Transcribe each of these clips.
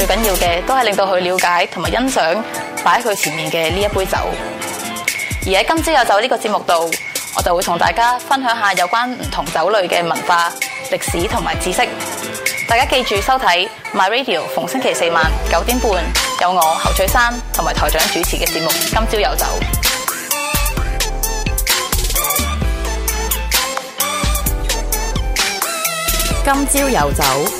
最緊要嘅都係令到佢了解同埋欣賞擺喺佢前面嘅呢一杯酒。而喺今朝有酒呢個節目度，我就會同大家分享下有關唔同酒類嘅文化、歷史同埋知識。大家記住收睇，My Radio 逢星期四晚九點半有我侯翠珊同埋台長主持嘅節目《今朝有酒》。今朝有酒。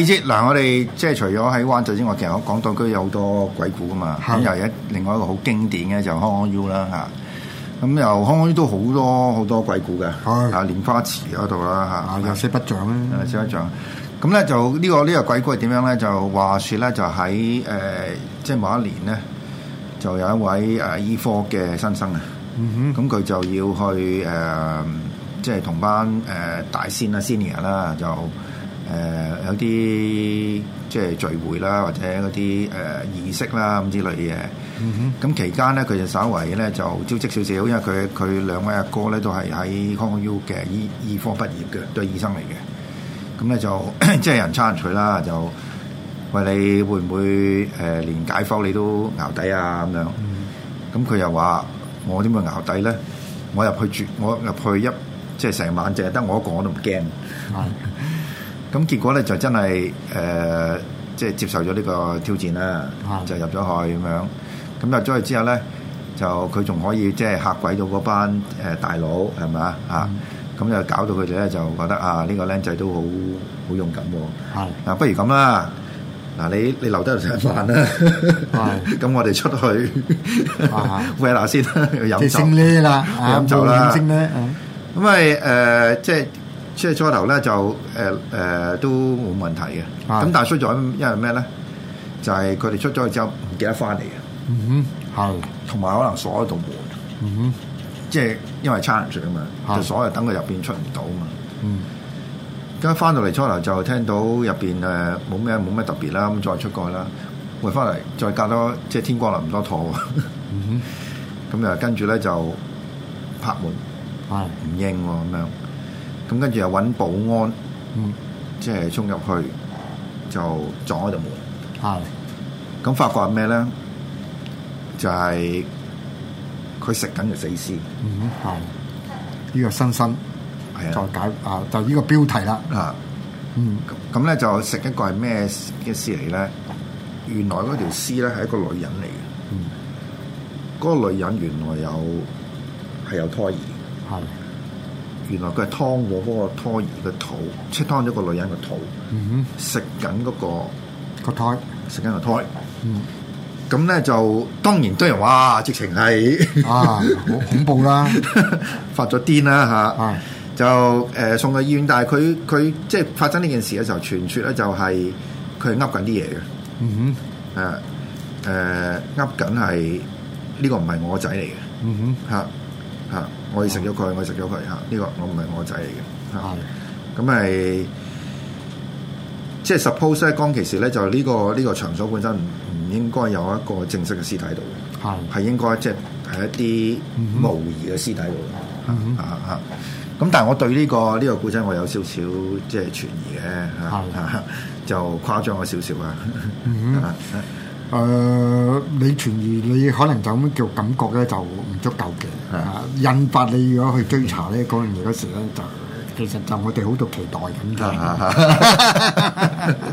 低嗱、嗯、我哋即係除咗喺灣仔之外，其實港島區有好多鬼故噶嘛。咁又一另外一個好經典嘅就康康 U 啦嚇，咁又康康 U 都好多好多鬼故嘅，啊蓮花池嗰度啦嚇，有些不像，有些不像。咁咧就呢個呢個鬼故係點樣咧？就話説咧，就喺誒即係某一年咧，就有一位誒醫科嘅新生啊，咁佢就要去誒、呃、即係同班誒大仙、啊 senior 啦就。誒、呃、有啲即係聚會啦，或者嗰啲誒儀式啦咁之類嘅。咁、嗯、哼期間咧，佢就稍為咧就招積少少，因為佢佢兩位阿哥咧都係喺康科 U 嘅醫、醫科畢業嘅，都係醫生嚟嘅。咁咧就即係人差人除啦，就喂，你會唔會誒連解剖你都淆底啊？咁樣。咁佢又話：我點會淆底咧？我入去住，我入去一即係成晚，淨係得我一個，我都唔驚。咁結果咧就真係誒，即係接受咗呢個挑戰啦，就入咗去咁樣。咁入咗去之後咧，就佢仲可以即係嚇鬼到嗰班誒大佬係咪啊？嚇！咁就搞到佢哋咧就覺得啊，呢個僆仔都好好勇敢喎。啊，不如咁啦，嗱你你留低度食飯啦，咁我哋出去揾下先，飲酒啦，飲酒啦。咁咪誒，即係。即係初頭咧就誒誒、呃呃、都冇問題嘅，咁但係出咗因為咩咧？就係佢哋出咗去之後唔記得翻嚟嘅。嗯哼，係，同埋可能鎖喺度門。嗯哼，即係因為差人住啊嘛，就鎖喺等佢入邊出唔到啊嘛。嗯，咁翻到嚟初頭就聽到入邊誒冇咩冇咩特別啦，咁再出過去啦，回翻嚟再隔多即係、就是、天光啦唔多妥 嗯哼，咁又跟住咧就拍門，係唔應喎咁樣。咁跟住又揾保安，嗯、即係衝入去就撞開道門。啊的！咁發覺係咩咧？就係佢食緊條死屍。嗯，係呢、呢個新生，係啊的，再解啊，就呢個標題啦。啊的，嗯，咁咁咧就食一個係咩嘅屍嚟咧？原來嗰條屍咧係一個女人嚟嘅。嗯，嗰個女人原來有係有胎兒。係。原來佢係劏和嗰個胎兒嘅肚，即係劏咗個女人嘅肚，嗯、哼食緊嗰、那個、個胎，食緊個胎。咁咧、嗯、就當然多人哇，直情係啊，好恐怖啦、啊， 發咗癲啦嚇。啊、就誒、呃、送入醫院，但係佢佢即係發生呢件事嘅時候，傳説咧就係佢係噏緊啲嘢嘅。嗯哼，誒誒噏緊，係呢個唔係我仔嚟嘅。嗯哼，嚇。我食咗佢，我食咗佢嚇，呢、這個我唔係我仔嚟嘅嚇，咁係即係 suppose 咧，當、就是、其時咧就呢、這個呢、這個場所本身唔唔應該有一個正式嘅屍體度嘅，係的應該即係係一啲模擬嘅屍體度嘅嚇。咁，但係我對呢、這個呢、這個古仔我有少少即係存疑嘅嚇，就誇張咗少少啊。的 誒、呃，你傳疑你可能就咁叫感覺咧，就唔足夠嘅，啊！引發你如果去追查咧，嗰陣、啊、時時咧，就其實就我哋好多期待咁嘅，啊、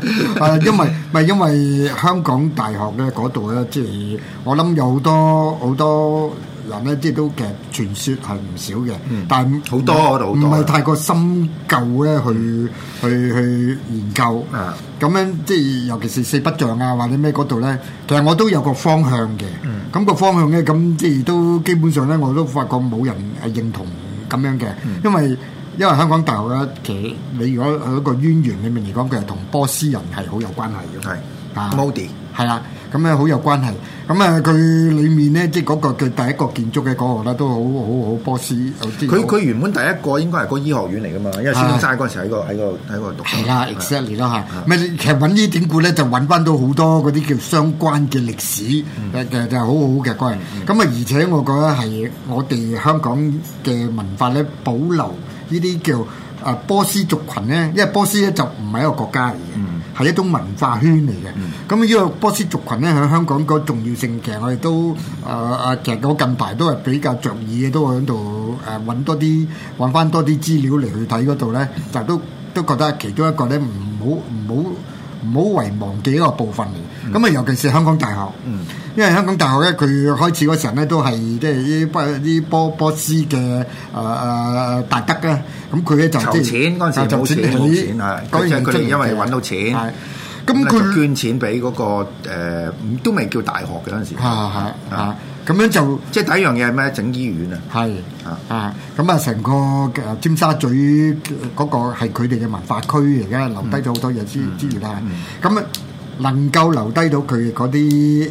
呃！因為咪因為香港大學咧嗰度咧，即係、就係、我諗有好多好多。嗱咧，即係都其實傳説係唔少嘅，但好多度，唔係太過深究咧，去去去研究。啊，咁樣即係尤其是四不像啊，或者咩嗰度咧，其實我都有個方向嘅。咁個方向咧，咁即係都基本上咧，我都發覺冇人認同咁樣嘅，因為因為香港大學咧，其實你如果有一個淵源，裡面嚟講，佢係同波斯人係好有關係嘅，係啊，Mody 係啦。咁咧好有關係，咁啊佢裏面咧即係、那、嗰個嘅第一個建築嘅嗰個咧都好好好波斯，佢佢原本第一個應該係個醫學院嚟噶嘛，因為孫生嗰陣時喺個喺、啊、個喺個讀係啦 exactly 啦嚇，咪其實揾呢典故咧就揾翻到好多嗰啲叫相關嘅歷史，就係好好嘅關係。咁啊、嗯嗯嗯、而且我覺得係我哋香港嘅文化咧保留呢啲叫啊波斯族群咧，因為波斯咧就唔係一個國家嚟嘅。嗯係一種文化圈嚟嘅，咁呢個波斯族群咧響香港個重要性，其實我哋都誒啊、呃，其實我近排都係比較着意嘅，都響度誒搵多啲搵翻多啲資料嚟去睇嗰度咧，但係都都覺得係其中一個咧唔好唔好唔好遺忘嘅一個部分嚟。咁啊，嗯、尤其是香港大學，因為香港大學咧，佢開始嗰時候咧，都係即係啲不啲波波斯嘅誒誒大德咧，咁佢咧就、就是、籌錢嗰陣就冇錢冇錢啊，即佢哋因為揾到錢，咁佢、嗯、佢捐錢俾嗰、嗰個都、呃、未叫大學嘅嗰陣時啊啊！咁樣就即係第一樣嘢係咩？整醫院啊，係啊啊！咁啊，成個誒尖沙咀嗰個係佢哋嘅文化區嚟嘅，留低咗好多嘢資資源啦，咁啊～、嗯嗯嗯嗯嗯能夠留低到佢嗰啲誒誒，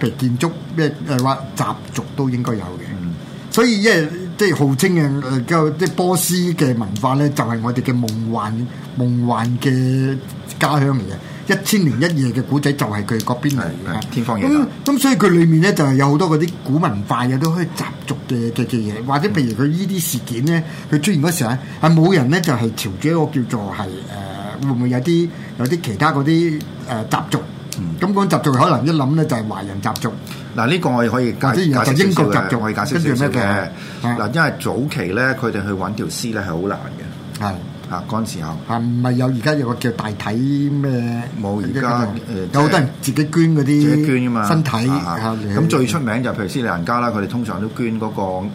譬如建築、咩誒話習俗都應該有嘅，嗯、所以因為即係即係號稱嘅、呃，即係波斯嘅文化咧，就係、是、我哋嘅夢幻夢幻嘅家鄉嚟嘅。一千零一夜嘅古仔就係佢嗰邊嚟嘅，天方夜譚。咁、嗯、所以佢裡面咧就係有好多嗰啲古文化嘅，都可以習俗嘅嘅嘅嘢。或者譬如佢依啲事件咧，佢、嗯、出現嗰時候咧，係、啊、冇人咧就係朝住一個叫做係誒、啊，會唔會有啲有啲其他嗰啲誒習俗？咁、嗯嗯、講習俗可能一諗咧就係華人習俗。嗱呢、嗯、個我哋可以解釋跟住咩嘅。嗱，因為早期咧，佢哋去揾條屍咧係好難嘅。係、嗯。啊！嗰陣時候嚇，唔係有而家有個叫大體咩冇？而家誒有好多人自己捐嗰啲，自己捐㗎嘛身體，咁最出名就譬如斯里蘭卡啦，佢哋通常都捐嗰、那個誒誒、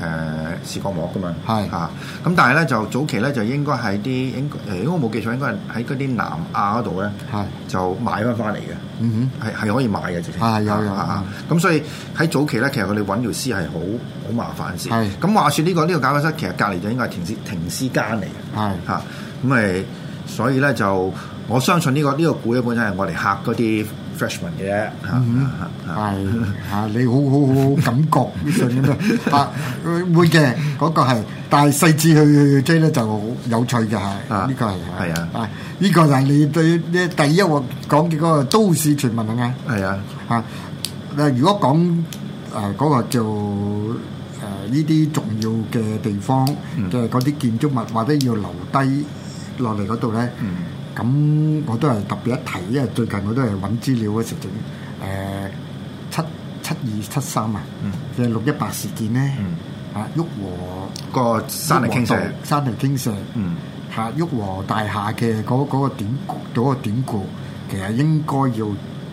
呃、視覺膜㗎嘛。係嚇是。咁是但係咧就早期咧就應該喺啲，誒如果我冇記錯應該係喺嗰啲南亞嗰度咧，是就買翻翻嚟嘅。嗯哼，係係可以買嘅，直情啊，啊有有，有啊，咁所以喺早期咧，其實佢哋揾條屍係好好麻煩先。係咁話説呢個呢個解剖室，其實隔離就應該係停屍停屍間嚟嘅。係嚇，咁誒，所以咧就我相信呢個呢個故咧本身係我哋客嗰啲。freshman 嘅嚇，係嚇你好好好感覺啲上面都，啊會嘅嗰個係，但係細緻去去追咧就好有趣嘅嚇，呢個係係啊，呢個就係你對呢第一個講嘅嗰個都市傳聞啊，係啊嚇。嗱，如果講誒嗰個叫誒呢啲重要嘅地方即係嗰啲建築物，或者要留低落嚟嗰度咧。咁我都係特別一提啊！因為最近我都係揾資料嗰時整，誒、呃、七七二七三啊嘅六一八事件咧，嚇旭、嗯啊、和個山泥傾瀉，山泥傾瀉，嚇、嗯、旭、啊、和大廈嘅嗰嗰個典嗰、那個典故、那個，其實應該要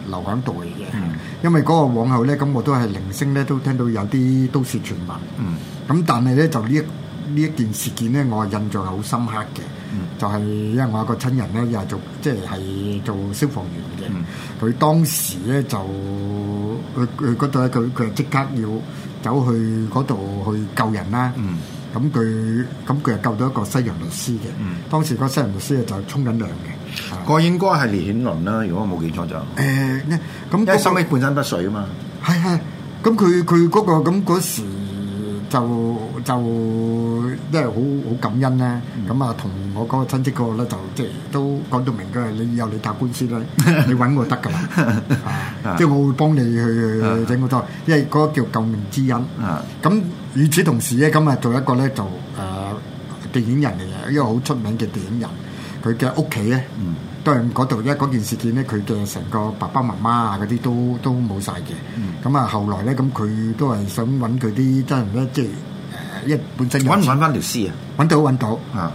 留響度嚟嘅，嗯、因為嗰個往後咧，咁我都係零星咧都聽到有啲都市傳聞，咁、嗯、但係咧就呢。就這個呢一件事件咧，我印象係好深刻嘅，就係因為我一個親人咧，又係做即係係做消防員嘅，佢當時咧就佢佢嗰度咧，佢佢即刻要走去嗰度去救人啦。咁佢咁佢又救到一個西洋律師嘅，當時個西洋律師咧就沖緊涼嘅。個應該係連顯倫啦，如果我冇記錯就。誒，咁因為收尾半身不遂啊嘛。係係，咁佢佢嗰個咁嗰時。就就即係好好感恩啦，咁啊同我嗰個親戚個咧就即係都講到明佢嘅，你以後你打官司啦， 你揾我得㗎喇，即係我會幫你去整好多， 因為嗰個叫救命之恩。咁、 嗯、與此同時咧，咁啊做一個咧就誒電、呃、影人嚟嘅，一個好出名嘅電影人。佢嘅屋企咧，都係嗰度咧。嗰件事件咧，佢嘅成個爸爸媽媽啊，嗰啲都都冇曬嘅。咁啊，後來咧，咁佢都係想揾佢啲，即係誒一本身揾唔揾翻條屍啊？揾到揾到啊！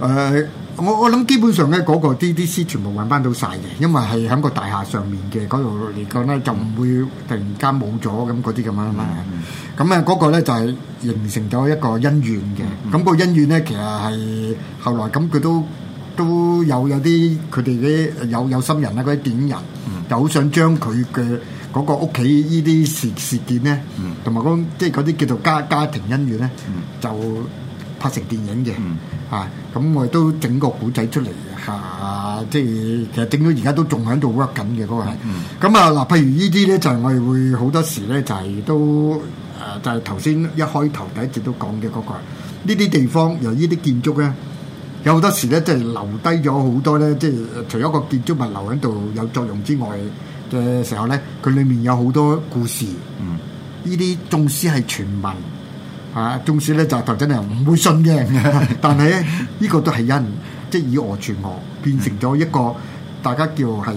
誒，我我諗基本上咧，嗰個啲啲屍全部揾翻到曬嘅，因為係喺個大廈上面嘅嗰度嚟講咧，就唔會突然間冇咗咁嗰啲咁樣啊嘛。咁啊，嗰個咧就係形成咗一個恩怨嘅。咁個恩怨咧，其實係後來咁佢都。都有有啲佢哋啲有有心人啊，嗰啲電影人又好、嗯、想將佢嘅嗰個屋企呢啲事事件咧，同埋嗰即係啲叫做家家庭恩怨咧，嗯、就拍成電影嘅嚇。咁、嗯啊、我哋都整個古仔出嚟嚇、啊，即係其實整到而家都仲喺度屈緊嘅嗰個係。咁、嗯、啊嗱，譬如呢啲咧就係、是、我哋會好多時咧就係都誒，就係頭先一開頭第一節都講嘅嗰個，呢啲地方由呢啲建築咧。有好多時咧，即係留低咗好多咧，即係除咗個建築物留喺度有作用之外嘅時候咧，佢裏面有好多故事。嗯，呢啲宗師係傳聞，嚇宗師咧就頭真係唔會信嘅。但係咧，呢個都係因即係以訛傳訛，變成咗一個大家叫係誒誒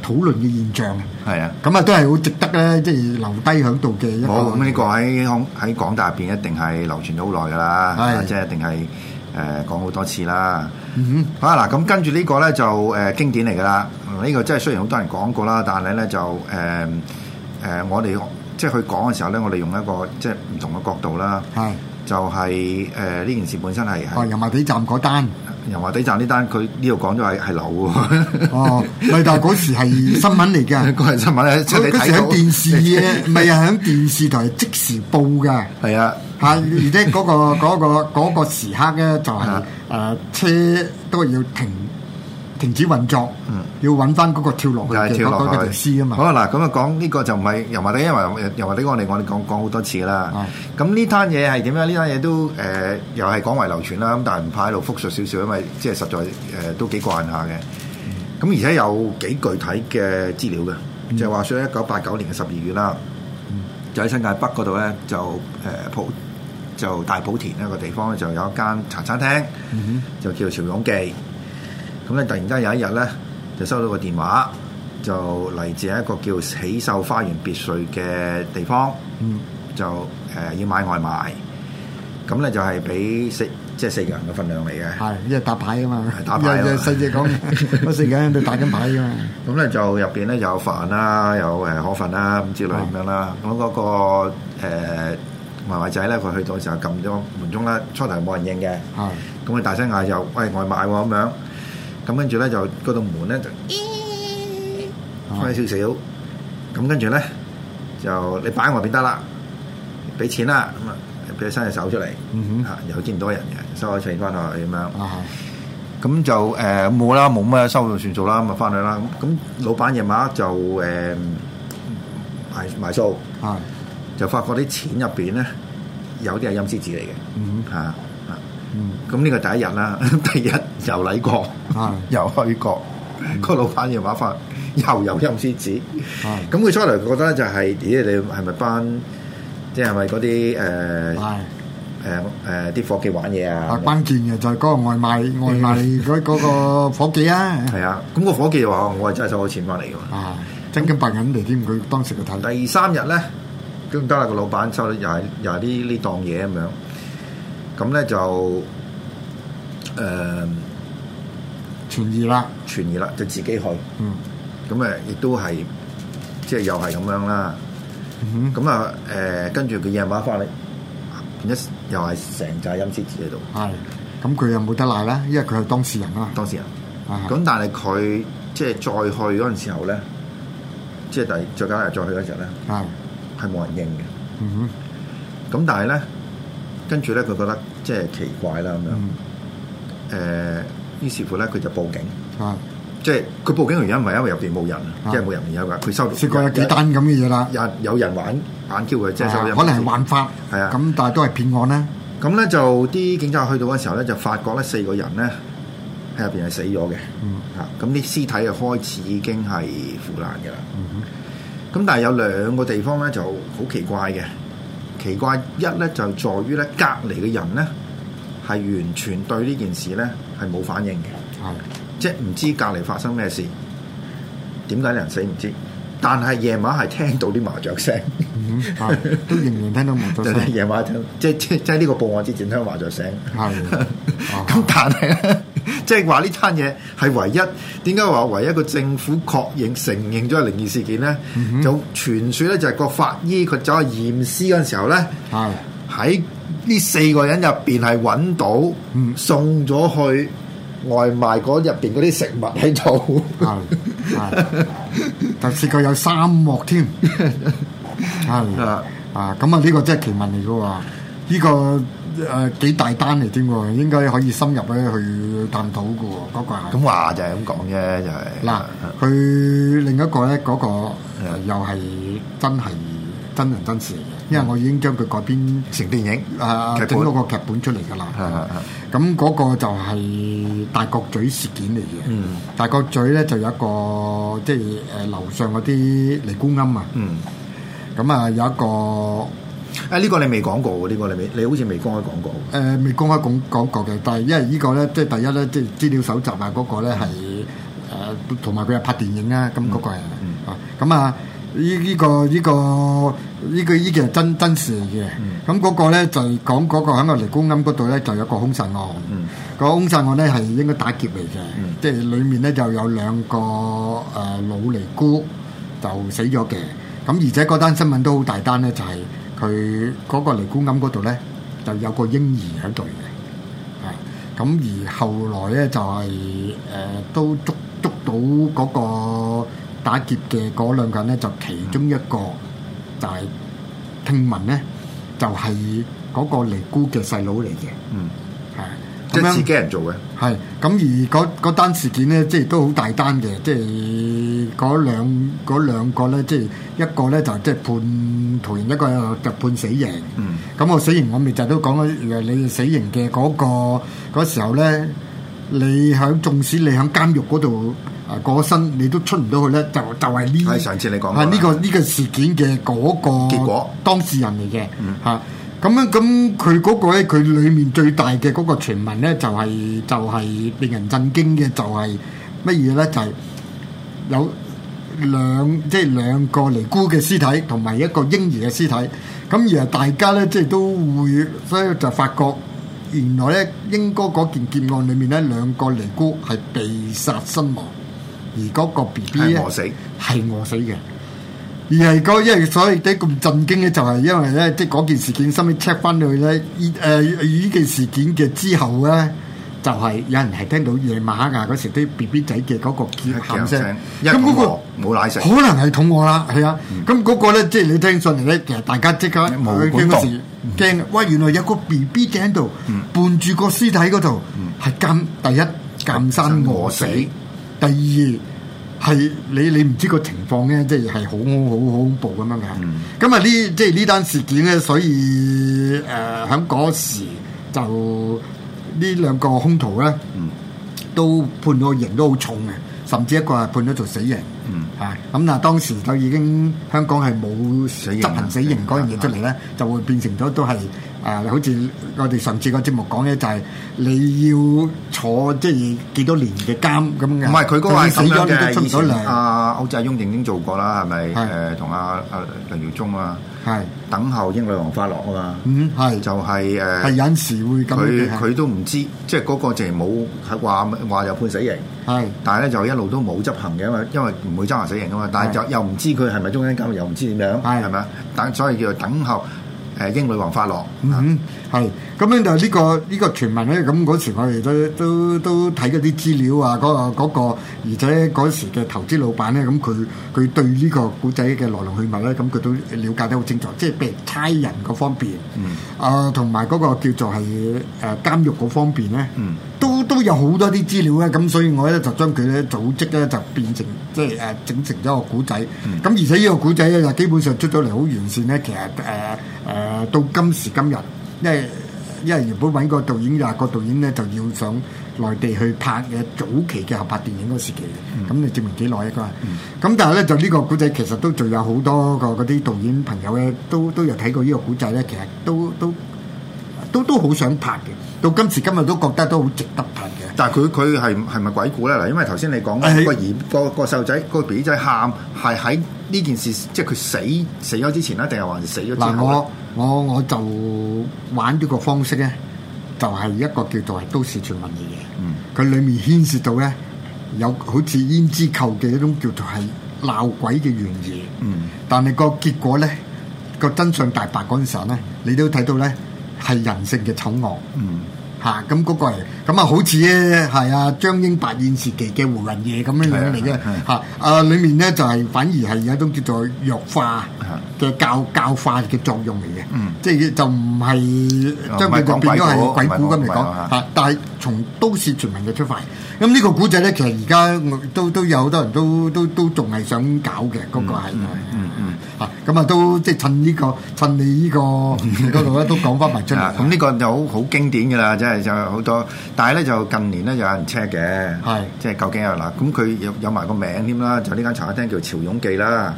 討論嘅現象。係是啊，咁啊都係好值得咧，即係留低喺度嘅一個。冇，呢個喺喺港大入邊一定係流傳咗好耐噶啦，是啊、即係一定係。誒講好多次啦，好啦嗱、嗯哼，咁跟住呢個咧就誒、呃、經典嚟㗎喇，呢、這個真係雖然好多人講過啦，但係咧就誒誒、呃、我哋即係佢講嘅時候咧，我哋用一個即係唔同嘅角度啦，係對就係誒呢件事本身係哦，油麻地站嗰單，油麻地站呢單佢呢度講咗係係樓喎，哦，係但係嗰時係新聞嚟嘅，個係新聞咧出嚟睇，喺電視嘅，唔係喺電視台即時報㗎，係啊。嚇！而且嗰個嗰個嗰個時刻咧，就係誒車都要停停止運作，要揾翻嗰個跳落去嗰個嗰個條屍啊嘛！好啦！嗱，咁啊講呢個就唔係又話啲，因為又話啲我哋我哋講講好多次啦。咁呢單嘢係點樣？呢單嘢都誒又係廣為流傳啦，咁但係唔怕喺度復述少少，因為即係實在誒都幾慣下嘅。咁而且有幾具體嘅資料嘅，就係話説一九八九年嘅十二月啦，就喺新界北嗰度咧，就誒就大埔田一個地方咧，就有一間茶餐廳，就叫潮涌記。咁咧，突然之間有一日咧，就收到個電話，就嚟自一個叫喜秀花園別墅嘅地方，就誒要買外賣。咁咧就係俾四即係四個人嘅份量嚟嘅，係因為打牌啊嘛，細姐講，我四個人都打緊牌啊嘛。咁咧就入邊咧有飯啦，有誒可粉啦咁之類咁樣啦。咁嗰個誒。外賣仔咧，佢去到嘅時候撳咗門鐘啦，初頭冇人應嘅，咁佢的大聲嗌就，喂，外賣喎咁樣。咁跟住咧就嗰道門就開少少，咁跟住咧就你擺外便得啦，俾錢啦，咁啊俾佢伸隻手出嚟，嗯、哼又見唔到人嘅，收咗錢翻去咁樣。咁的就誒冇啦，冇、呃、乜收數算數啦，咁啊翻去啦。咁老闆夜晚就誒埋埋數。係、呃。的就發覺啲錢入邊咧，有啲係陰司紙嚟嘅嚇嚇。咁呢個第一日啦，第二日又嚟過，又去過。個老闆嘅玩法又有陰司紙。咁佢出嚟覺得就係，咦？你係咪班即係咪嗰啲誒誒誒啲伙計玩嘢啊？關鍵嘅就係嗰個外賣外賣嗰嗰個夥計啊。係啊，咁個伙計話：我我係真係收咗錢翻嚟㗎嘛。真金白銀嚟添。佢當時嘅談。第三日咧。咁加下個老闆收又係又係啲呢檔嘢咁樣，咁咧就誒傳議啦，傳議啦，就自己去。嗯，咁誒亦都係即係又係咁樣啦。嗯哼，咁啊誒跟住佢夜晚八翻嚟，變咗又係成扎陰司紙喺度。係，咁佢又冇得賴啦，因為佢係當事人啊嘛。當事人。的啊。咁但係佢即係再去嗰陣時候咧，即係第再加日再去嗰日咧。的的係冇人認嘅，咁但係咧，跟住咧佢覺得即係奇怪啦咁樣，誒，於是乎咧佢就報警，啊，即係佢報警嘅原因唔係因為入邊冇人，即係冇人而有噶，佢收，試過有幾單咁嘅嘢啦，有人玩眼 Q 嘅，即係可能係玩法，係啊，咁但係都係騙案啦，咁咧就啲警察去到嘅時候咧就發覺咧四個人咧喺入邊係死咗嘅，吓，咁啲屍體就開始已經係腐爛嘅啦。咁但係有兩個地方咧就好奇怪嘅，奇怪一咧就在於咧隔離嘅人咧係完全對呢件事咧係冇反應嘅，的即係唔知隔離發生咩事，點解人死唔知？但係夜晚係聽到啲麻雀聲、嗯嗯嗯，都仍然聽到麻雀聲。夜 晚聽，嗯、即即喺呢即即個報案之前聽到麻雀聲。係，咁但係咧。即係話呢餐嘢係唯一，點解話唯一,一個政府確認承認咗係靈異事件咧？Mm hmm. 就傳説咧，就係個法醫佢走去驗屍嗰陣時候咧，係喺呢四個人入邊係揾到，送咗去外賣嗰入邊嗰啲食物喺度，但試過有三幕添，係、ah. ah. 啊咁啊呢個真係奇聞嚟嘅喎，呢個。誒幾大單嚟添喎，應該可以深入咧去探討嘅喎，嗰個係。咁話就係咁講啫，就係。嗱，佢另一個咧，嗰個又係真係真人真事，因為我已經將佢改編成電影，啊整咗個劇本出嚟㗎喇。係係係。咁嗰個就係大角咀事件嚟嘅。嗯。大角咀咧就有一個，即係誒樓上嗰啲尼姑庵啊。嗯。咁啊，有一個。啊！呢個你未講過喎，呢、這個你未你好似未公開講過。誒、呃，未公開講講過嘅，但係因為個呢個咧，即係第一咧，即係資料搜集啊，嗰個咧係誒同埋佢係拍電影那那、嗯嗯、啊，咁、這、嗰個係啊。咁、這、啊、個，依、這、依個呢、就是那個呢個呢嘅係真真實嚟嘅。咁嗰個咧就講嗰個喺尼姑庵嗰度咧就有一個兇殺案。個兇殺案咧係應該打劫嚟嘅，嗯、即係裡面咧就有兩個誒、呃、老尼姑就死咗嘅。咁而且嗰單新聞都好大單咧，就係、是。佢嗰個尼姑庵嗰度咧，就有個嬰兒喺度嘅，啊！咁而後來咧就係、是、誒、呃、都捉捉到嗰個打劫嘅嗰兩個人咧，就其中一個就係、是、聽聞咧就係、是、嗰個尼姑嘅細佬嚟嘅，嗯，啊。即係自己人做嘅，係咁而嗰嗰單事件咧，即係都好大單嘅。即係嗰兩嗰兩個咧，即係一個咧就即係判徒刑，一個就判死刑。嗯，咁我死刑我咪就都講咗，誒，你死刑嘅嗰個嗰時候咧，你響縱使你響監獄嗰度啊，過身你都出唔到去咧，就就係呢。係上次你講啊？係呢個呢個事件嘅嗰個結果當事人嚟嘅。吓、嗯。咁啊，咁佢嗰個咧，佢裏面最大嘅嗰個傳聞咧，就係就係令人震驚嘅，就係乜嘢咧？就係有兩即係兩個尼姑嘅屍體，同埋一個嬰兒嘅屍體。咁而啊，大家咧即係都會，所以就發覺原來咧英哥嗰件劫案裏面咧，兩個尼姑係被殺身亡，而嗰個 B B 咧係餓死，係餓死嘅。而係嗰，因為所以啲咁震驚嘅就係、是、因為咧，即係嗰件事件，甚尾 check 翻去咧，依誒件事件嘅之後咧，就係、是、有人係聽到夜晚黑啊嗰時啲 B B 仔嘅嗰個叫喊聲，咁餓冇奶食，那那個、可能係肚餓啦，係啊。咁嗰、嗯、個咧，即係你聽上嚟咧，其實大家即刻冇驚嗰時驚，哇、嗯！原來有個 B B 仔喺度，嗯、伴住個屍體嗰度，係咁第一，監生餓死，第二。第二係你你唔知個情況咧，即係好好好好恐怖咁樣嘅。咁啊呢即係呢單事件咧，所以誒喺嗰時就呢兩個凶徒咧，嗯、都判咗刑都好重嘅，甚至一個係判咗做死刑。嗯，嚇咁嗱，當時就已經香港係冇執行死刑嗰樣嘢出嚟咧，就會變成咗都係誒，好似我哋上次個節目講嘅，就係你要坐即係幾多年嘅監咁。唔係佢嗰個死咗，你都出唔到糧。啊，好似雍正已經做過啦，係咪？誒，同阿阿梁耀宗啊，係等候英女王發落啊嘛。嗯，係就係誒，係有時會佢佢都唔知，即係嗰個就係冇話話又判死刑，係，但係咧就一路都冇執行嘅，因為因為。唔會執行死刑噶嘛，但係又又唔知佢係咪終身監獄，又唔知點樣，係咪啊？等，所以叫做等候誒英女王發落。嗯，係。咁樣就呢個呢、呢個傳聞咧。咁嗰時我哋都都都睇嗰啲資料啊，嗰、嗰個、嗰個、而且嗰時嘅投資老闆咧，咁佢佢對呢個古仔嘅來龍去脈咧，咁佢都瞭解得好清楚，即係譬如差人嗰方面，嗯，啊、呃，同埋嗰個叫做係誒監獄嗰方面咧，嗯。都都有好多啲資料咧，咁所以我咧就將佢咧組織咧就變成即係誒、呃、整成咗個古仔。咁、嗯、而且個呢個古仔咧就基本上出咗嚟好完善咧。其實誒誒、呃呃、到今時今日，因為因為原本揾、嗰個導演就又個導演咧就要上內地去拍嘅早期嘅合拍電影嗰時期，咁、嗯、你證明幾耐一個。咁但係咧就呢個古仔其實都仲有好多個嗰啲導演朋友咧，都都有睇過呢個古仔咧，其實都都。都都都都好想拍嘅，到今時今日都覺得都好值得拍嘅。但係佢佢係係咪鬼故咧？嗱，因為頭先你講個兒個個細路仔個 B 仔喊係喺呢件事，即係佢死死咗之前咧，定係還是死咗之後咧？嗱，我我我就玩呢個方式咧，就係一個叫做係都市傳聞嘅嘢。嗯，佢裡面牽涉到咧有好似胭脂扣嘅一種叫做係鬧鬼嘅玩意。嗯，但係個結果咧個真相大白嗰陣時候咧，你都睇到咧。係人性嘅醜惡，嗯嚇，咁嗰、啊、個嚟，咁啊好似咧係啊張瑛白燕時期嘅回魂夜咁樣樣嚟嘅嚇，啊裏面咧就係、是、反而係有一種叫做弱化。嘅教教化嘅作用嚟嘅，即係就唔係將佢就變咗係鬼古咁嚟講嚇，但係從都市全民嘅出發，咁呢個古仔咧，其實而家都都有好多人都都都仲係想搞嘅，嗰個係，嗯嗯嚇，咁啊都即係趁呢個趁你呢個嗰度咧都講翻埋出嚟，咁呢個就好好經典嘅啦，真係就好多，但係咧就近年咧就有人 check 嘅，係即係究竟啊嗱，咁佢有有埋個名添啦，就呢間茶餐廳叫潮勇記啦，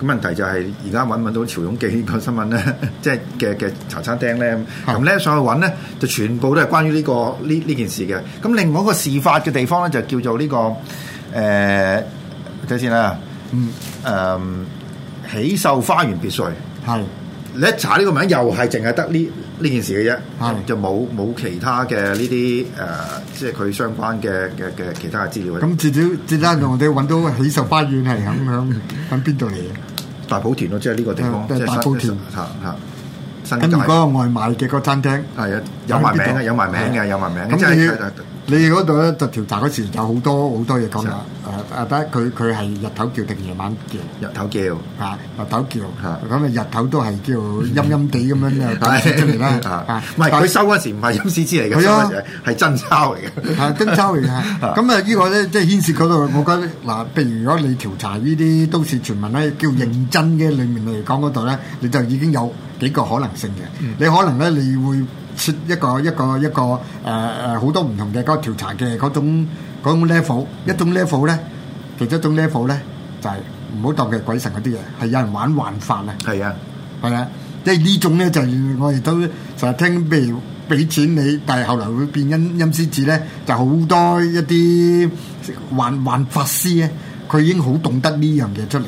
咁問題就係。而家揾揾到潮涌記呢個新聞咧，即係嘅嘅茶餐廳咧，咁咧的上去揾咧，就全部都係關於呢個呢呢件事嘅。咁另外一個事發嘅地方咧，就叫做呢個誒睇下先啦。呃、等等嗯，嗯喜秀花園別墅係的你一查呢個名，又係淨係得呢呢件事嘅啫，的就冇冇其他嘅呢啲誒，即係佢相關嘅嘅嘅其他嘅資料。咁至少，至少同我哋揾到喜秀花園係響響響邊度嚟啊？ 大埔田咯，啊，即係呢個地方，啊、即係大埔田嚇嚇。跟住嗰個外賣嘅個餐廳，係啊，有埋名嘅，有埋名嘅，有埋名嘅。你嗰度咧就調查嗰時有好多好多嘢講啦，誒第一，佢佢係日頭叫定夜晚叫？日頭叫，嚇日頭叫，嚇咁啊日頭都係叫陰陰地咁樣啊，講出嚟啦，唔係佢收嗰時唔係陰司紙嚟嘅，係真鈔嚟嘅，係真鈔嚟嘅，咁啊依個咧即係牽涉嗰度，我覺得嗱，譬如如果你調查呢啲都市傳聞咧，叫認真嘅裡面嚟講嗰度咧，你就已經有幾個可能性嘅，你可能咧你會。一個一個一個誒誒好多唔同嘅嗰個調查嘅嗰種嗰種 level，一種 level 咧，其中一種 level 咧就係唔好當佢鬼神嗰啲嘢，係有人玩幻法啊！係啊，係啊，即係呢種咧就我哋都成日聽，譬如俾錢你，但係後來會變陰陰司紙咧，就好多一啲幻幻法師咧，佢已經好懂得呢樣嘢出嚟，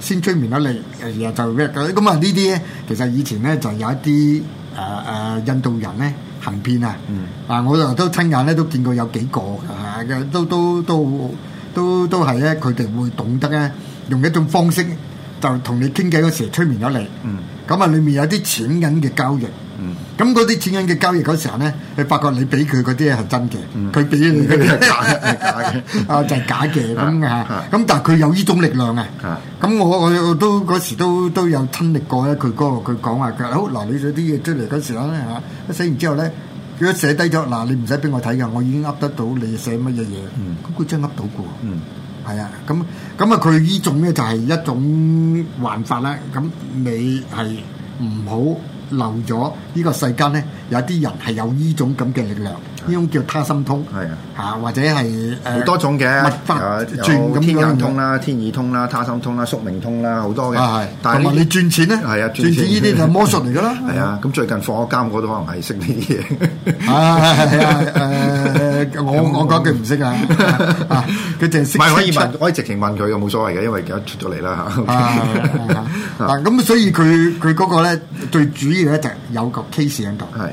先催眠咗你，然後就咩嘅咁啊！呢啲咧其實以前咧就有一啲。誒誒、啊啊，印度人咧行騙啊！嗯、啊，我又都親眼咧都見過有幾個啊都都都都都係，咧，佢哋會懂得咧，用一種方式就同你傾偈時候催眠咗你。嗯，咁啊，裏面有啲錢銀嘅交易。嗯，咁嗰啲錢銀嘅交易嗰時候咧，你發覺你俾佢嗰啲係真嘅，佢俾你嗰啲係假嘅，係假嘅，啊就係假嘅咁嘅嚇。咁但係佢有呢種力量啊。咁我我我都嗰時都都有親歷過咧。佢哥佢講話佢好嗱，你寫啲嘢出嚟嗰時咧嚇，寫完之後咧，如果寫低咗嗱，你唔使俾我睇噶，我已經噏得到你寫乜嘢嘢。嗯，咁佢真噏到嘅。嗯，係啊，咁咁啊，佢呢種咧就係一種幻法啦。咁你係唔好。留咗呢個世間咧，有啲人係有呢種咁嘅力量，呢種叫他心通，嚇，或者係誒好多種嘅，有天眼通啦、天耳通啦、他心通啦、宿命通啦，好多嘅。但係你轉錢咧，係啊，轉錢呢啲就係魔術嚟噶啦。係啊，咁最近放咗監都可能係識呢啲嘢。我我講句唔識啊！佢淨係唔係可以問，可以直情問佢嘅冇所謂嘅，因為而家出咗嚟啦嚇。咁，所以佢佢嗰個咧最主要咧就係、有個 case 喺度是。係，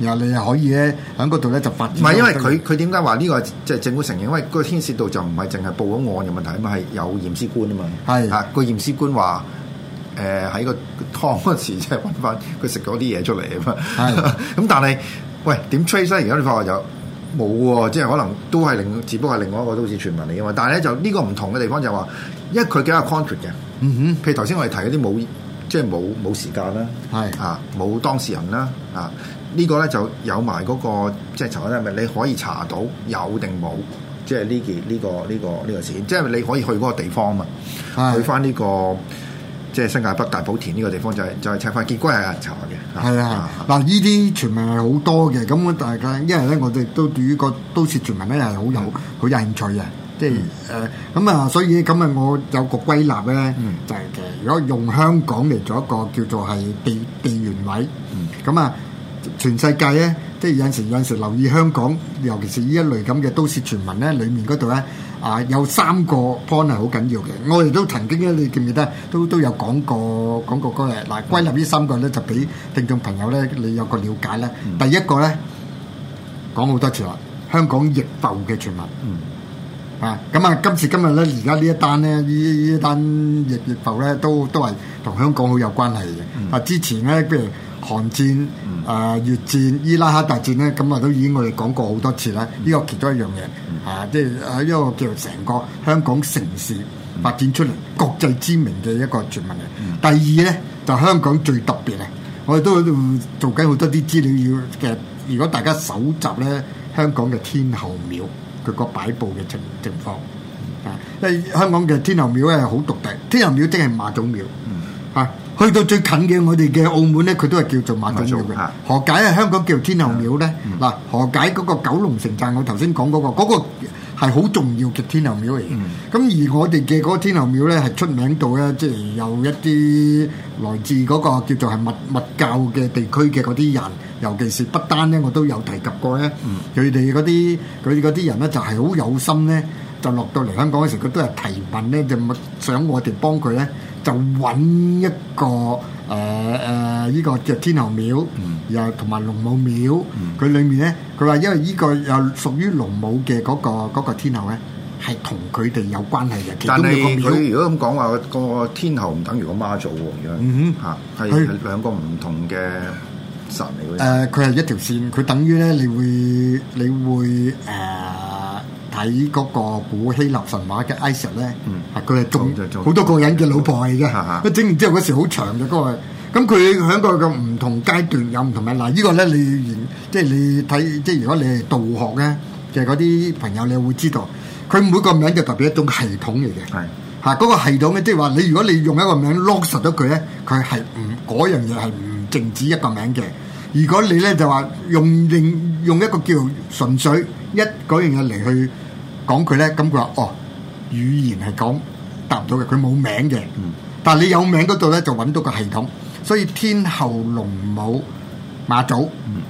然後你又可以咧喺嗰度咧就發是。唔係，因為佢佢點解話呢個即係政府承認？因為個牽涉度就唔係淨係報咗案嘅問題啊嘛，係有驗屍官啊嘛。係啊，個驗屍官話誒喺個湯嗰時即係揾翻佢食咗啲嘢出嚟啊嘛。係 咁的， 但係喂點 trace？r a 而家你發覺有。冇喎、啊，即係可能都係另，只不過係另外一個都市似傳聞嚟嘅嘛。但係咧就呢個唔同嘅地方就係話，因為佢幾有 contract 嘅，嗯哼。譬如頭先我哋提嗰啲冇，即係冇冇時間啦、啊，係是 啊冇當事人啦、啊，啊呢、這個咧就有埋嗰、那個，即係查得係咪你可以查到有定冇，即係呢件呢個呢、這個呢、這個這個事件，即係你可以去嗰個地方嘛，是 去翻呢、這個。即係新界北大埔田呢個地方，就係就係拆翻，結果係有查嘅。係啊，嗱，依啲傳聞係好多嘅，咁大家，因為咧，我哋都對於個都市傳聞咧係好有好、嗯、有興趣嘅。即係誒，咁啊、嗯呃，所以咁啊，我有個歸納咧，嗯、就係其實如果用香港嚟做一個叫做係地地緣位，咁、嗯、啊。全世界咧，即係有時有時留意香港，尤其是依一類咁嘅都市傳聞咧，裡面嗰度咧啊，有三個 point 係好緊要嘅。我哋都曾經咧，你記唔記得都都有講過講過嗰嚟嗱，歸納依三個咧，就俾聽眾朋友咧，你有個了解啦。第一個咧，講好多次啦，香港逆浮嘅傳聞，啊，咁啊，今次今日咧，而家呢一單咧，呢依一單逆逆浮咧，都都係同香港好有關係嘅。啊，之前咧譬如。韓戰、啊越戰、伊拉克大戰咧，咁啊都已經我哋講過好多次啦。呢個其中一樣嘢，啊即係一個叫做成個香港城市發展出嚟國際知名嘅一個傳聞嚟。第二咧，就香港最特別啊，我哋都做緊好多啲資料要嘅。如果大家搜集咧，香港嘅天后廟佢個擺佈嘅情情況，啊，因為香港嘅天后廟咧係好獨特，天后廟即係媽祖廟。去到最近嘅我哋嘅澳門咧，佢都係叫做媽閣廟嘅。何解啊？香港叫天后廟咧？嗱，何解嗰個九龍城寨？我頭先講嗰個，嗰個係好重要嘅天后廟嚟嘅。咁而我哋嘅嗰個天后廟咧，係出名到咧，即係有一啲來自嗰個叫做係密密教嘅地區嘅嗰啲人，尤其是不丹咧，我都有提及過咧。佢哋嗰啲佢嗰啲人咧，就係好有心咧，就落到嚟香港嗰時，佢都係提問咧，就咪想我哋幫佢咧。就揾一個誒誒依個即天后廟，嗯、又同埋龍母廟。佢裏、嗯、面咧，佢話因為呢個又屬於龍母嘅嗰個嗰個天后咧，係同佢哋有關係嘅。其個廟，但係佢如果咁講話，個天后唔等於個媽祖咁樣嚇，係、嗯、哼兩個唔同嘅神嚟嘅。佢係、呃、一條線，佢等於咧，你會你會誒。呃睇嗰個古希臘神話嘅 Isle 咧，佢係好多個人嘅老婆嚟嘅。整完之後嗰時好長嘅嗰個。咁佢喺佢嘅唔同階段有唔同嘅。嗱、這個、呢個咧你即係你睇，即係如果你係道學咧，就係嗰啲朋友你會知道，佢每個名就特別一種系統嚟嘅。嚇嗰是、啊那個系統咧，即係話你如果你用一個名 lock 實咗佢咧，佢係唔，嗰樣嘢係唔淨止一個名嘅。如果你咧就話用另用一個叫純粹一嗰樣嘢嚟去。講佢咧，咁佢話哦，語言係講答唔到嘅，佢冇名嘅。嗯，但係你有名度咧，就揾到個系統。所以天后龍母馬祖，嗯、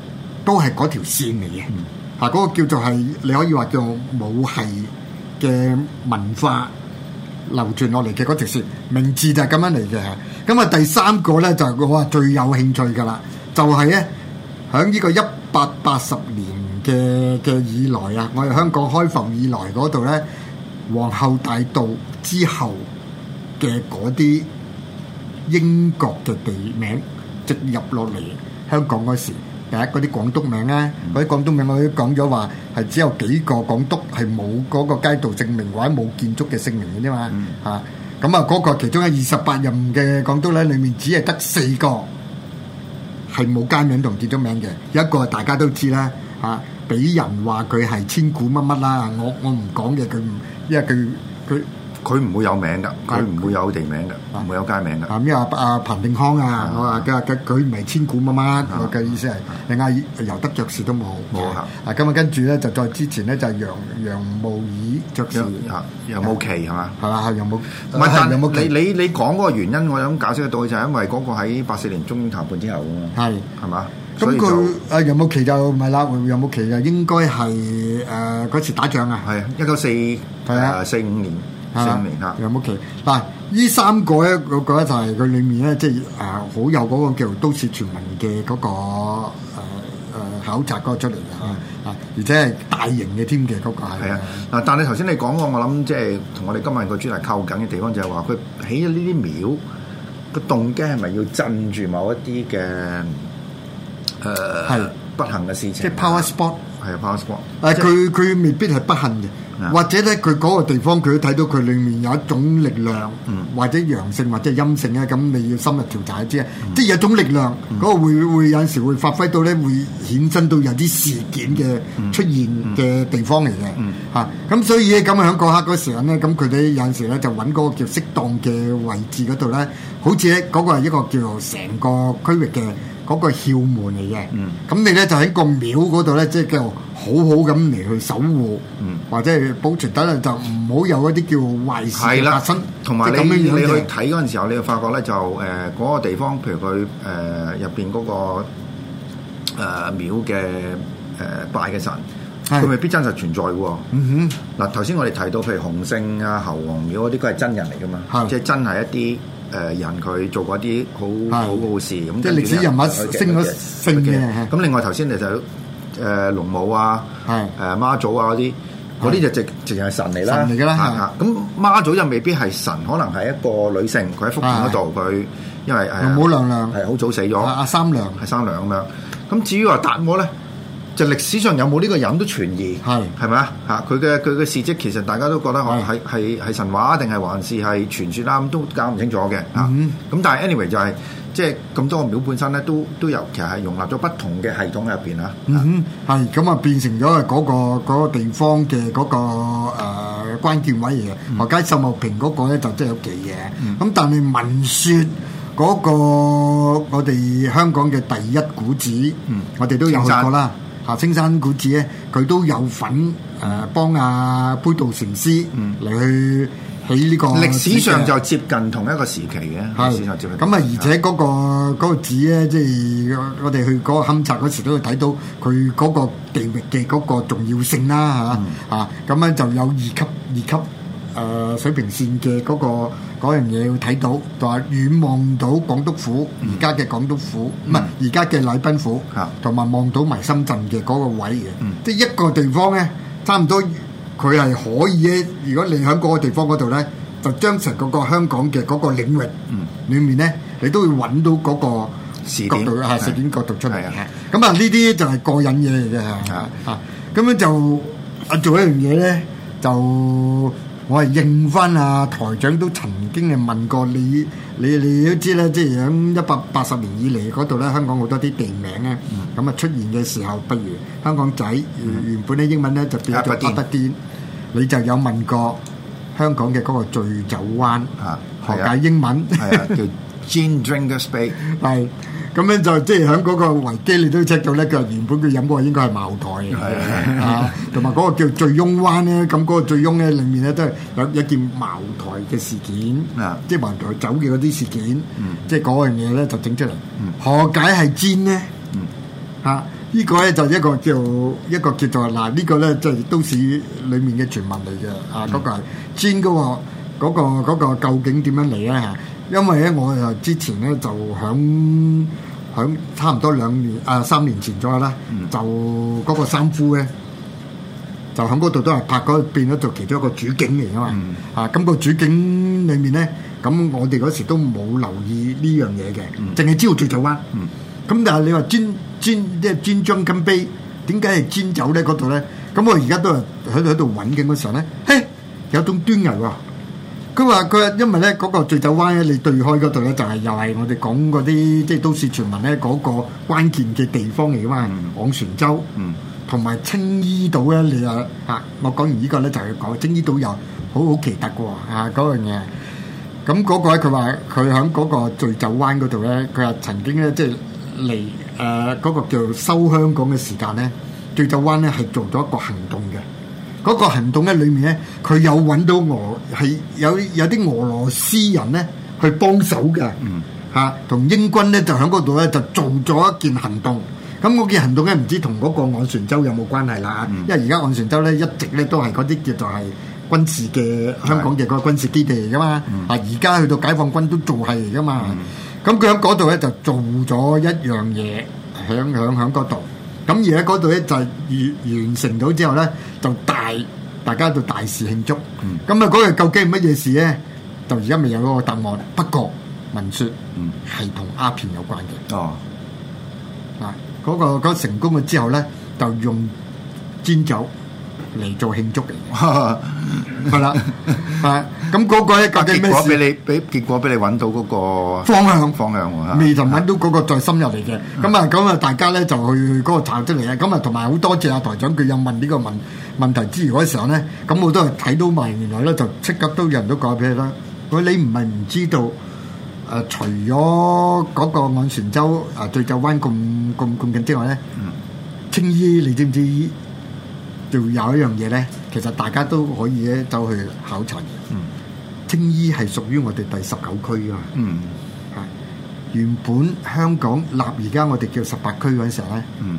都係條線嚟嘅，係嗰、嗯啊，那個叫做係，你可以話叫母系嘅文化流傳落嚟嘅嗰條線，名字就係咁樣嚟嘅。咁啊，第三個咧就係佢話最有興趣噶啦，就係咧響呢個一百八十年嘅嘅以來啊，我哋香港開埠以來嗰度咧，皇后大道之後嘅嗰啲英國嘅地名直入落嚟香港嗰時，第一嗰啲港督名咧，嗰啲港督名我哋都講咗，話係只有幾個港督係冇嗰個街道證明或者冇建築嘅姓名嘅啫嘛，嚇。咁啊，嗰個其中嘅二十八任嘅港督咧，裡面只係得四個係冇街名同建築名嘅，有一個大家都知啦，嚇。俾人話佢係千古乜乜啦，我我唔講嘅，佢唔，因為佢佢佢唔會有名嘅，佢唔會有地名嘅，唔會有街名嘅。咁因為阿彭定康啊，佢唔係千古乜乜，我嘅意思係，另阿尤德爵士都冇。冇啊，咁啊，跟住咧就再之前咧就係楊楊慕爾爵士，楊慕琦係嘛？係啊，楊慕。唔係，但你你你講嗰個原因，我想解釋到就係因為嗰個喺八四年中談判之後啊嘛。係，係嘛？咁佢啊楊慕其就唔係啦，楊慕其就應該係誒嗰時打仗啊，係、那個就是就是、啊，一九四誒四五年，四五年啊，楊慕其，嗱呢三個咧，我覺得就係佢裡面咧，即係誒好有嗰個叫做都市傳聞嘅嗰個誒考察嗰出嚟嘅啊，而且係大型嘅添嘅嗰個係的啊，嗱但你頭先你講過我諗即係同我哋今日個主題扣緊嘅地方就係話佢起咗呢啲廟個動機係咪要鎮住某一啲嘅？誒，係、uh, 的不幸嘅事情。即係 Power Spot，係啊 Power Spot。誒，佢佢未必係不幸嘅，是或者咧佢嗰個地方佢都睇到佢裏面有一種力量，嗯、或者陽性或者陰性咧，咁你要深入調查一啲啊。嗯、即係有一種力量，嗰、嗯、個會會有陣時會發揮到咧，會衍生到有啲事件嘅、嗯、出現嘅地方嚟嘅。吓、嗯，咁、嗯嗯啊、所以咧咁啊喺嗰刻嗰時咧，咁佢哋有陣時咧就揾嗰個叫適當嘅位置嗰度咧，好似咧嗰個係一個叫做成個區域嘅。嗰個竅門嚟嘅，咁你咧就喺個廟嗰度咧，即係叫好好咁嚟去守護，或者係保存，等等就唔好有嗰啲叫壞事發生。同埋你你去睇嗰陣時候，你又發覺咧就誒嗰個地方，譬如佢誒入邊嗰個誒廟嘅誒拜嘅神，佢未必真實存在喎。嗱頭先我哋提到，譬如洪聖啊、侯王廟嗰啲，都係真人嚟噶嘛，即係真係一啲。誒人佢做過一啲好好好事，咁即係歷史人物升咗升嘅。咁另外頭先你就誒龍母啊，係誒媽祖啊嗰啲，嗰啲就直直係神嚟啦。神嚟㗎啦，咁媽祖又未必係神，可能係一個女性，佢喺福建嗰度，佢因為龍母娘娘係好早死咗，阿三娘係三娘咁樣。咁至於話達摩咧？就歷史上有冇呢個人都存疑，係係咪啊？嚇佢嘅佢嘅事蹟，其實大家都覺得可能係係係神話定係還是係傳說啦，咁都搞唔清楚嘅。咁、嗯、哼但係 anyway 就係、是、即係咁多個廟本身咧，都都有其實係容納咗不同嘅系統喺入邊啊。嗯係咁啊，變成咗嗰、那個嗰、那個地方嘅嗰、那個誒、呃、關鍵位嘢。外街十號坪嗰個咧就真係有奇嘢。咁、嗯、哼但係聞説嗰、那個我哋香港嘅第一古址，嗯、我哋都有去過啦。啊，青山古寺咧，佢都有份誒、呃、幫阿杯渡成師嚟、嗯、去起呢、這個。歷史上就接近同一個時期嘅，咁啊是，個是而且嗰、那個寺是、那個咧、那個，即係我哋去嗰、那個勘察嗰時都會睇到佢嗰個地域嘅嗰個重要性啦嚇嚇，咁樣、嗯啊、就有二級二級。誒水平線嘅嗰個嗰樣嘢要睇到，就係遠望到港督府而家嘅港督府，唔係而家嘅禮賓府，同埋望到埋深圳嘅嗰個位嘅，即係一個地方咧，差唔多佢係可以咧。如果你喺嗰個地方嗰度咧，就將成嗰個香港嘅嗰個領域裏面咧，你都會揾到嗰個視角嘅嚇視點角度出嚟啊！咁啊，呢啲就係過癮嘢嚟嘅嚇嚇。咁樣就啊做一樣嘢咧，就。我係認翻啊！台長都曾經啊問過你，你你都知咧，即係響一百八十年以嚟嗰度咧，香港好多啲地名咧，咁啊、嗯、出現嘅時候，不如香港仔原本啲英文咧就變咗「鴨巴甸，你就有問過香港嘅嗰個醉酒灣啊，學下英文係啊，叫、 uh, yeah, Gin Drinkers Bay 咁咧就即係喺嗰個維基你都 check 到咧，佢原本佢飲嗰個應該係茅台嚟 啊，同埋嗰個叫醉翁灣咧，咁嗰個醉翁咧裏面咧都係有一件茅台嘅事件，啊，即係茅台酒嘅嗰啲事件，嗯、即係嗰樣嘢咧就整出嚟，嗯、何解係煎呢？嗯，啊呢個、呢個咧就係、一個叫一個叫做嗱，呢個咧就都市裏面嘅傳聞嚟嘅，啊，嗰、嗰個係煎嗰個嗰、嗰個嗰個嗰個嗰個嗰個究竟點樣嚟咧？因為咧，我誒之前咧就響響差唔多兩年啊，三年前左右啦、嗯，就嗰個三夫咧，就響嗰度都係拍嗰邊做其中一個主景嚟嘅嘛。嗯、啊，咁、那個主景裏面咧，咁我哋嗰時都冇留意呢樣嘢嘅，淨係知道醉酒灣。咁但係你話鑽鑽即係鑽章金碑，點解係鑽走咧嗰度咧？咁我而家都係喺度喺度揾景嗰時候咧，嘿、欸，有一種端倪喎、啊。佢話：佢因為咧嗰個醉酒灣咧，你對開嗰度咧，就係又係我哋講嗰啲即係都市傳聞咧嗰個關鍵嘅地方嚟嘅嘛，昂船洲，同埋青衣島咧，你啊啊！我講完呢個咧，就係講青衣島有好好奇特嘅喎啊！嗰樣嘢，咁嗰個咧，佢話佢喺嗰個醉酒灣嗰度咧，佢係曾經咧即係嚟誒嗰個叫做收香港嘅時間咧，醉酒灣咧係做咗一個行動嘅。嗰個行動咧，裏面咧，佢有揾到俄係有有啲俄羅斯人咧去幫手嘅，嚇、嗯，同英軍咧就喺嗰度咧就做咗一件行動。咁嗰件行動咧，唔知同嗰個昂船洲有冇關係啦？嗯、因為而家昂船洲咧一直咧都係嗰啲叫做係軍事嘅的香港嘅嗰個軍事基地嚟噶嘛。嚇、嗯，而家去到解放軍都做係嚟噶嘛。咁佢喺嗰度咧就做咗一樣嘢，響響響嗰度。咁而喺嗰度咧就完完成咗之後咧就大大家就大肆慶祝，咁啊嗰日究竟乜嘢事咧？就而家未有嗰個答案。不過聞説係同鴉片有關嘅。哦、嗯，嗱嗰、啊嗰個嗰個成功咗之後咧就用煎酒。嚟做慶祝嘅，係 啦，啊，咁嗰個咧究竟咩事？結果俾你俾結果俾你揾到嗰個方向方向未同揾到嗰個再深入嚟嘅。咁啊，咁啊，大家咧就去嗰個查出嚟啊。咁啊，同埋好多謝阿台長，佢又問呢個問問題之餘嗰時候咧，咁我都係睇到埋，原來咧就即刻都有人都講俾你啦。佢你唔係唔知道，誒，除咗嗰個昂船洲啊、醉酒灣咁咁咁近之外咧，青衣你知唔知？就有一樣嘢咧，其實大家都可以咧走去考察。嗯，青衣係屬於我哋第十九區噶嘛。嗯，啊，原本香港立而家我哋叫十八區嗰陣時候咧，嗯，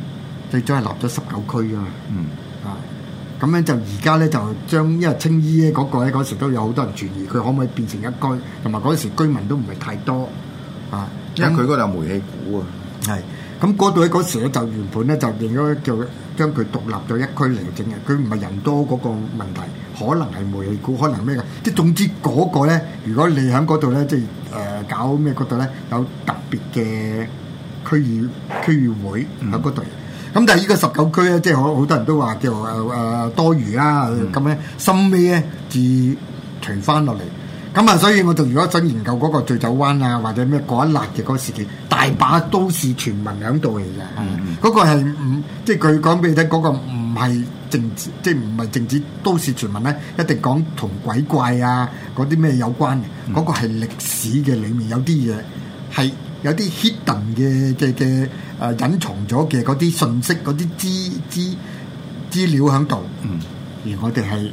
最終係立咗十九區噶嘛。嗯，啊，咁樣就而家咧就將，因為青衣咧、那、嗰個咧嗰時都有好多人轉移，佢可唔可以變成一區？同埋嗰時居民都唔係太多。啊、嗯，因佢嗰度有煤氣鼓啊。係。咁嗰度喺嗰時咧就原本咧就應該叫將佢獨立咗一區嚟整嘅，佢唔係人多嗰個問題，可能係煤氣鼓，可能咩嘅，即係總之嗰個咧，如果你喺嗰度咧，即係誒、呃、搞咩嗰度咧，有特別嘅區議區議會喺嗰度。咁、嗯、但係依個十九區咧，即係好好多人都話叫誒誒多餘啦，咁樣深尾咧至除翻落嚟。咁啊，所以我就如果想研究嗰個醉酒灣啊，或者咩嗰一辣嘅嗰個事件，大把都市傳聞喺度嚟嘅。嗯嗯，嗰個係唔即係佢講俾你聽，嗰個唔係淨即係唔係淨止都市傳聞咧，一定講同鬼怪啊嗰啲咩有關嘅。嗰個係歷史嘅，裏面有啲嘢係有啲 hidden 嘅即係誒隱藏咗嘅嗰啲信息、嗰啲資資資料喺度。嗯，而我哋係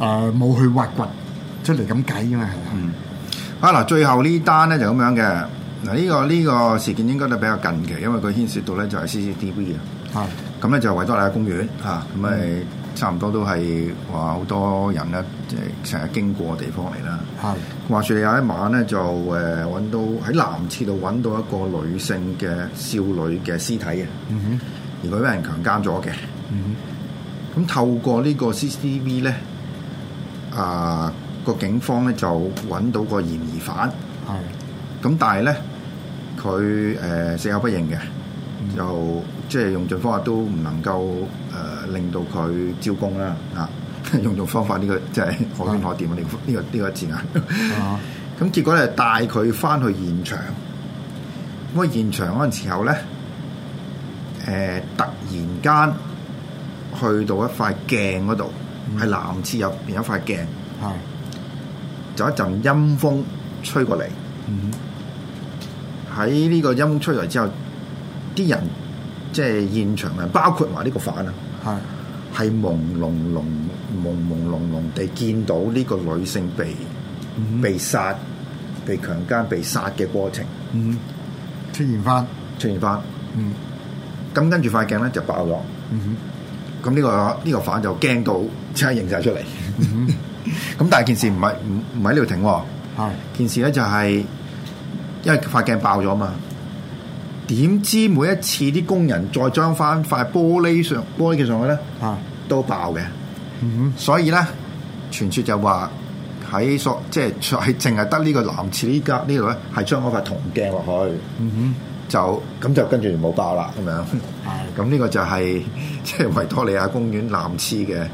誒冇去挖掘。出嚟咁計嘅嘛，係嘛？嗯。啊嗱，最後呢單咧就咁樣嘅。嗱、這個，呢個呢個事件應該都比較近期，因為佢牽涉到咧就係、是、CCTV 啊。係。咁咧就維多利亞公園嚇，咁誒差唔多都係話好多人咧，即係成日經過嘅地方嚟啦。係的。話說有一晚咧，就誒揾、呃、到喺南廁度揾到一個女性嘅少女嘅屍體嘅。哼的。的而佢俾人強姦咗嘅。哼的。咁、嗯、透過個呢個 CCTV 咧，啊～、呃個警方咧就揾到個嫌疑犯，係咁是的，但係咧佢誒死口不認嘅，嗯、就即係用盡方法都唔能夠誒、呃、令到佢招供啦。啊，嗯、 用盡方法呢、呢個即係可圈可點呢個呢個字眼。咁結果咧帶佢翻去現場，咁啊現場嗰陣時候咧，誒、呃、突然間去到一塊鏡嗰度，喺男、嗯、廁入邊一塊鏡，係。就一陣陰風吹過嚟，喺呢、嗯、哼個陰風吹嚟之後，啲人即係現場啊，包括埋呢個犯啊，係朦朧朧朦朧朧朧地見到呢個女性被、嗯、哼被殺、被強姦、被殺嘅過程。嗯，嗯，出現返，出現返。嗯，咁跟住塊鏡咧就爆咗。嗯，咁呢個呢個犯就驚到即刻認晒出嚟。咁但係件事唔係唔唔喺呢度停喎、喔，啊、件事咧就係、是、因為塊鏡爆咗嘛，點知每一次啲工人再將翻塊玻璃上玻璃嘅上去咧，吓、啊、都爆嘅，嗯、哼所以咧傳說就話喺所即係係淨係得呢個南廁呢格呢度咧係將嗰塊銅鏡落去，嗯、哼，就咁就跟住冇爆啦咁、嗯、哼這樣，咁 呢、嗯、哼個就係即係維多利亞公園南廁嘅。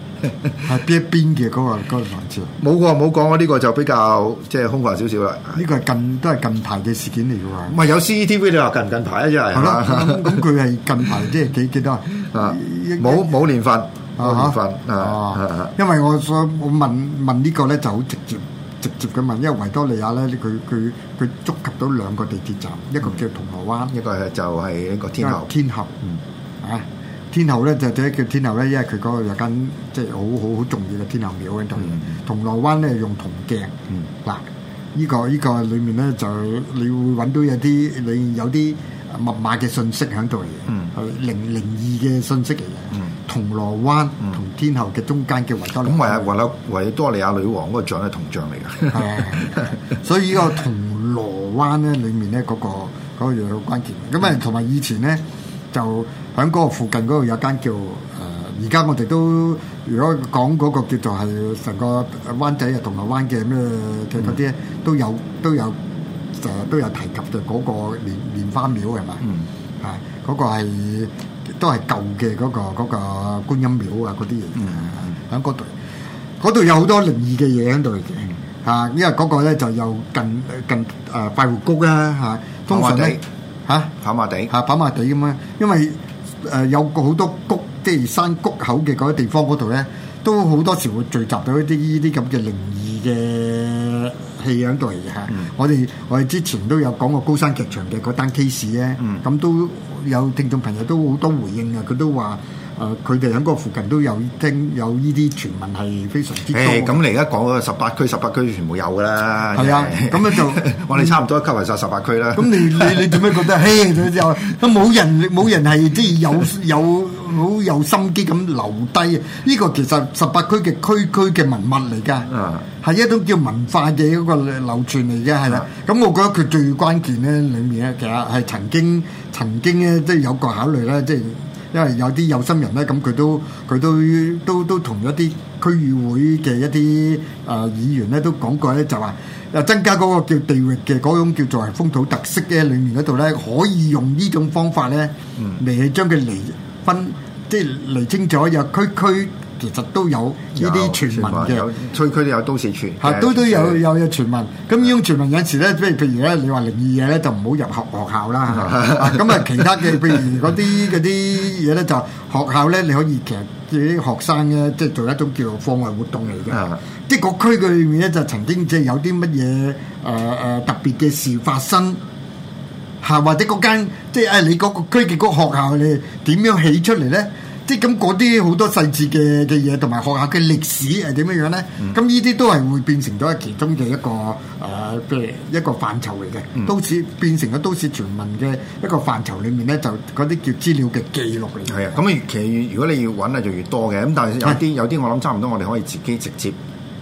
係邊一邊嘅嗰個嗰個文字？冇個冇講啊！呢、那個那個這個就比較即係、就是、空泛少少啦。呢個係近都係近排嘅事件嚟嘅嘛？唔係有 CCTV 都話近唔近排 啊？真係。係咯，咁佢係近排即係幾幾多啊？冇冇年份，冇年份啊！啊因為我所我問問呢個咧就好直接直接嘅問，因為維多利亞咧，佢佢佢觸及到兩個地鐵站，嗯、一個叫銅鑼灣，一個就係一個天后天后，天后嗯、啊。天后咧就即係叫天后咧，因為佢嗰度有間即係好好好重要嘅天后廟喺度。銅鑼灣咧用銅鏡，嗱依、嗯這個、這個、裏呢個裏面咧就你會揾到一有啲你有啲密碼嘅信息喺度嚟嘅，係靈靈異嘅信息嚟嘅。銅鑼灣同天后嘅中間叫維多，利咁維啊維啊維多利亞、嗯、女王嗰個像係銅像嚟嘅，嗯、 所以個灣呢、那個銅鑼灣咧裏面咧嗰個嗰、那個嘢好、那個、關鍵。咁啊同埋以前咧就。就喺嗰個附近嗰度有間叫誒，呃、而家我哋都如果講嗰個叫做係成個灣仔啊、銅鑼灣嘅咩嘅嗰啲都有都有誒都有提及嘅嗰個蓮蓮花廟係嘛？嗯，係嗰、啊嗰個係都係舊嘅嗰、嗰個嗰、嗰個嗰個觀音廟啊嗰啲嘢。嗯喺嗰度，嗰度有好多靈異嘅嘢喺度嘅嚇，因為嗰個咧就有近近誒快活谷啊，嚇。通常跑馬地嚇跑馬地嚇跑馬地咁啊，因為誒有好多谷，即係山谷口嘅嗰啲地方嗰度咧，都好多時會聚集到一啲呢啲咁嘅靈異嘅氣喺度嚟嘅嚇。我哋我哋之前都有講過高山劇場嘅嗰單 case 咧，咁、嗯、都有聽眾朋友都好多回應啊，佢都話。誒，佢哋喺嗰個附近都有聽有呢啲傳聞，係非常之多。咁你而家講嗰十八區，十八區全部有噶啦。係啊，咁咧就我哋差唔多吸埋晒十八區啦。咁 你你你做咩覺得？嘿，就都有都冇人冇 人係即係有有好有，有心機咁留低？呢、呢個其實十八區嘅區區嘅文物嚟㗎。嗯，係一種叫文化嘅一個流傳嚟嘅係啦。咁、嗯、我覺得佢最關鍵咧，裡面咧其實係曾經曾經咧，即係有個考慮啦。即係。即因為有啲有心人咧，咁佢都佢都都都同一啲區議會嘅一啲誒、呃、議員咧，都講過咧，就話誒增加嗰個叫地域嘅嗰種叫做係風土特色嘅裡面嗰度咧，可以用呢種方法咧嚟去將佢離分，嗯、即係釐清楚有區區。其實都有呢啲傳聞嘅，區區都有都市傳，嚇都都有聞有有傳聞。咁呢種傳聞有時咧，即係譬如咧，你話靈異嘢咧，就唔好入學學校啦。咁啊， 其他嘅譬如嗰啲啲嘢咧，就學校咧，你可以其實自己學生咧，即係做一種叫做課外活動嚟嘅。即 個區嘅裏面咧，就曾經即係有啲乜嘢誒誒特別嘅事發生，嚇或者嗰間即係誒、啊、你嗰個區嘅嗰學校你點樣起出嚟咧？即咁嗰啲好多細節嘅嘅嘢，同埋學校嘅歷史係點樣樣咧？咁呢啲都係會變成咗其中嘅一個誒，即、呃、係一個範疇嚟嘅。嗯、都市變成咗都市傳聞嘅一個範疇裏面咧，就嗰啲叫資料嘅記錄嚟。係啊，咁啊，其實如果你要揾啊，就越多嘅。咁但係有啲的有啲，我諗差唔多，我哋可以自己直接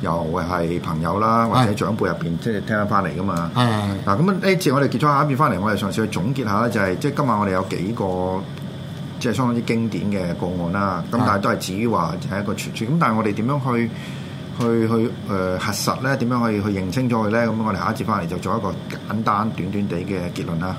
又會係朋友啦，或者長輩入邊即係聽翻翻嚟噶嘛。係的。嗱咁呢次我哋結束下一片翻嚟，我哋嘗試去總結下咧，就係、是、即係今晚我哋有幾個。即係相當之經典嘅個案啦，咁的但係都係至於話係一個傳說，咁但係我哋點樣去去去誒、呃、核實咧？點樣可以去認清楚佢咧？咁我哋下一節翻嚟就做一個簡單短短哋嘅結論啦。